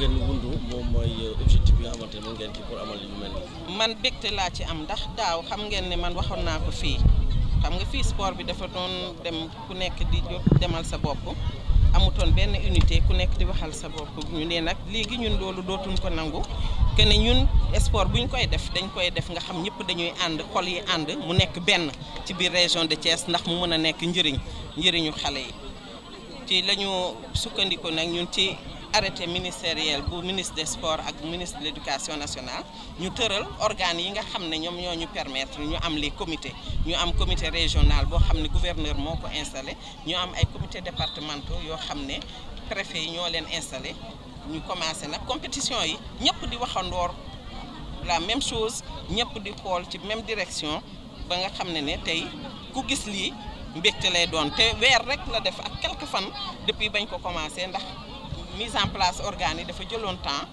ngeen wundu moom mooy objectif bi nga xamante ne moom ngeen ci man bégte laa ci am ndax daaw xam ngeen ne man waxoon naa ko fii xam nga fii sport bi dafa doon dem ku nekk di demal sa bopp amutoon benn unité ku nekk di waxal sa bopp ñu ne nag léegi ñun loolu dootuñ ko nangu que ne ñun sport bu ñu koy def dañ koy def nga xam ñëpp dañuy ànd xol ànd mu nekk benn ci biir région de Thiès ndax mu mën a nekk njëriñ njëriñu xale yi ci la ñu sukkandiku nag ñun ci. arrêté ministériel bu ministre des sports ak ministre de l'éducation nationale ñu tëral organes yi nga xam ne ñoom ñoo ñu permettre ñu am les comités ñu am comité régional boo xam ne gouverneur moo ko installé ñu am ay comités départementaux yoo xam ne préfet yi ñoo leen installé ñu commencé nag compétition yi ñëpp di waxandoor la même chose ñëpp di xool ci même direction ba nga xam ne ne tey ku gis lii mbégte lay doon te weer rek la def ak quelques fan depuis bañ ko commencé ndax mise en place organe yi dafa jëloon temps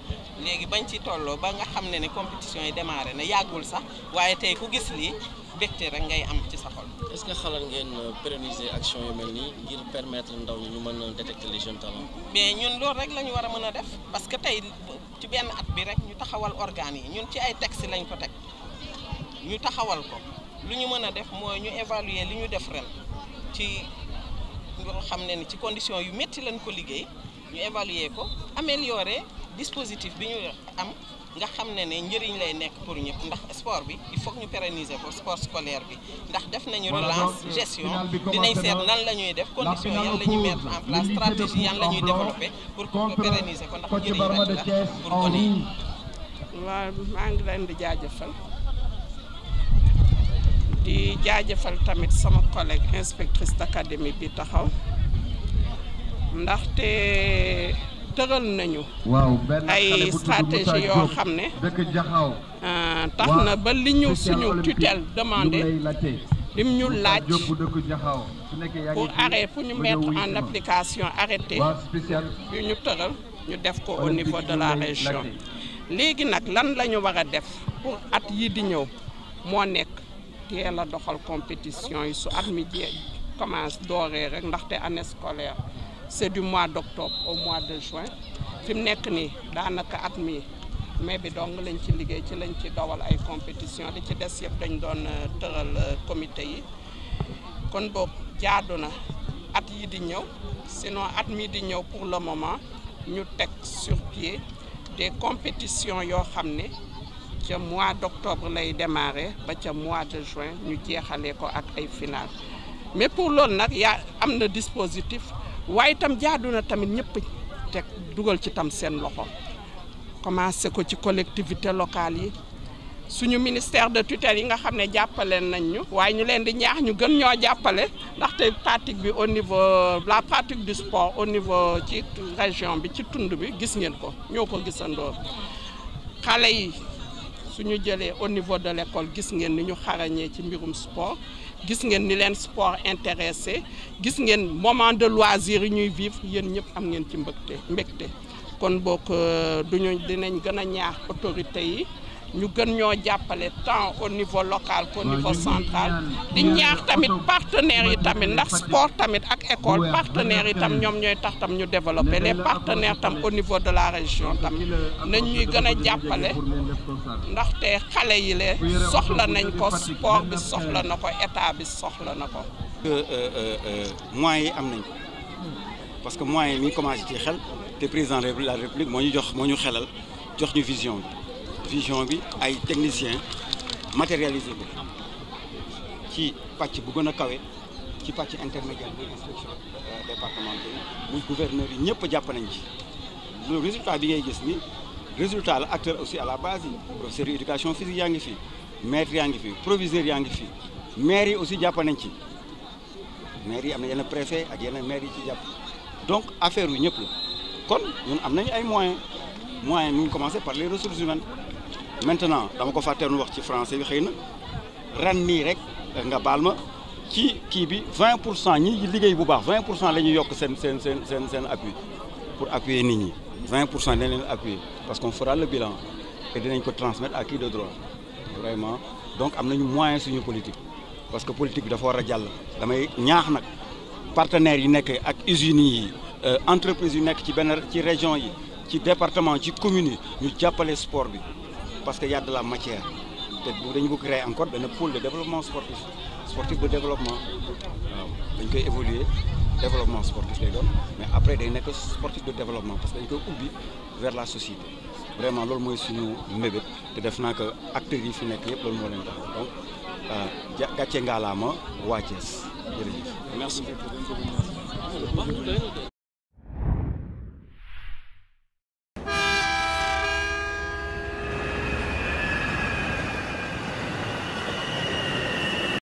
léegi bañ ci tolloo ba nga xam ne ne compétition yi démarré na yàggul sax waaye tey ku gis lii bégte rek ngay am ci sa xol. est-ce ngeen pérenniser action yu mel nii ngir permettre ndaw ñi ñu mën a détecter les jeunes talents. mais ñun loolu rek la ñu war a mën a def parce que tey ci benn at bi rek ñu taxawal organes yi ñun ci ay textes lañ ko teg ñu taxawal ko lu ñu mën a def mooy ñu évaluer li ñu def ren ci nga xam ne ni ci condition yu métti lañ ko liggéey. ñu évaluer ko améliorer dispositif bi ñu am nga xam ne ne njëriñ lay nekk pour ñëpp ndax sport bi il faut ñu pérenniser ko sport scolaire bi ndax def nañu relance gestion dinañ seet nan la ñuy def condition yan la ñuy mettre en place stratégie yan la ñuy développer pour que pérenniser ko ndax njëriñ la pour gone yi maa ngi leen di jaajëfal di jaajëfal tamit sama collègue inspectrice d'académie bi taxaw ndaxte tëral nañu. waaw ay stratégie yoo xam ne. dëkk jaxaw ah, tax na ba li ñu suñu tutelle demandé lim ñu laaj pour arrêt fu ñu mettre en application arrêté yu ñu tëral ñu def ko au niveau de la région. léegi nag lan la ñu war a def pour at yi di ñëw moo nekk teel a doxal compétition yi su at mi jee commence dooree rek ndaxte année scolaire. c'est du mois d'octobre au mois de juin fi mu nekk nii daanaka at mi mais bi dong lañ ci liggéey ci lañ ci dowal ay compétition li ci des yëpp dañ doon euh, tëral euh, comité yi kon boobu jaadu na at yi di ñëw sinon at mi di ñëw pour le moment ñu teg sur pied des compétitions yoo xam ne ca mois d'octobre lay démarrer ba ca mois de juin ñu jeexalee ko ak ay finale mais pour loolu nag yaa am na dispositif waaye itam jaadu na tamit ñëpp teg dugal ci tam seen loxo commencé ko ci collectivité locale yi suñu ministère de tutelle yi nga xam ne jàppale nañ ñu waaye ñu leen di ñaax ñu gën ñoo jàppale ndaxte pratique bi au niveau la pratique du sport au niveau ci région bi ci tund bi gis ngeen ko ñoo ko gisandoo xale yi su ñu jëlee au niveau de l'école gis ngeen ni ñu xarañee ci mbirum sport gis ngeen ni leen sport intéressé gis ngeen moment de loisir yi ñuy vivre yéen ñëpp am ngeen ci mbëgte mbégte kon boo ko euh, duñu dinañ gën a ñaax autorité yi ñu gën ñoo jàppale temps au niveau local qu'au niveau central di ñaax tamit partenaires yi tamit ndax sport tamit ak école partenaires yi tam ñoom ñooy tax tam ñu développer les partenaires tam au niveau de la région tam nañ ñuy gën a jàppale ndaxte xale yi le soxla nañ ko sport bi soxla na ko état bi soxla na ko. Euh, euh, euh, moyens yi am nañ parce que moyens yi ñu commencé ci xel te président de la république moo ñu jox moo ñu xelal jox ñu vision bi. vision bi ay technicien matérialiser ko ci pàcc bu gën a kawe ci pàcc intermédiaire muy inspection départementale muy gouverneur yi ñëpp jàpp nañ ci le résultat bi ngay gis ni résultat la acteur aussi à la base yi professeur éducation physique yaa ngi fi maître yaa ngi fi proviseur yaa ngi fi maire yi aussi jàpp nañ ci maire yi am na yenn préfet ak yenn maire yi ci jàpp donc affaire ñëpp kon ñun am nañu ay moyens moyen mu ngi commencé par les ressources humaines maintenant dama ko fàtteewoon wax ci français bi xëy na ren mii rek nga baal ma ci kii bi 20 pour cent ñi liggéey bu baax 20 pour cent la ñuy yokk seen seen seen seen seen appui pour appuyer nit ñi 20 pour cent dañ leen appuyer parce que fera le bilan et dinañ ko transmettre ak qui de droit vraiment donc am nañu moyen suñu politique parce que politique bi dafa war a jàll damay ñaax nag partenaires yi nekk ak usines yi euh, entreprise yu nekk ci benn ci région yi ci département ci commune yi ñu jàppale sport bi parce que y a la matière te dañu bëgg créer encore benn pôle de développement sportif sportif de développement waaw dañ koy évoluer développement sportif lay doon mais après day nekk sportif de développement parce que dañ koy ubbi vers la société vraiment loolu mooy suñu mbébét te def naa ko acteur yi fi nekk yëpp loolu moo leen tax donc euh, gàcce ngaalaama waa Thiès jërëjëf merci